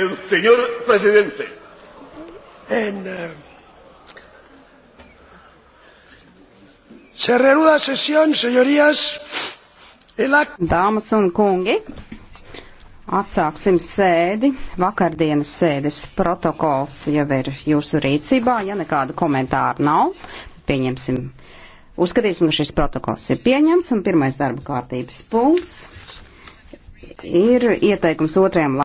El señor presidente. En, eh, se reanuda sesión, señorías. El act... Dāmas un kungi, atsāksim sēdi. Vakardienas sēdes protokols jau ir jūsu rīcībā. Ja nekāda komentāra nav, pieņemsim. Uzskatīsim, ka šis protokols ir pieņemts un pirmais darba kārtības punkts ir ieteikums otrajam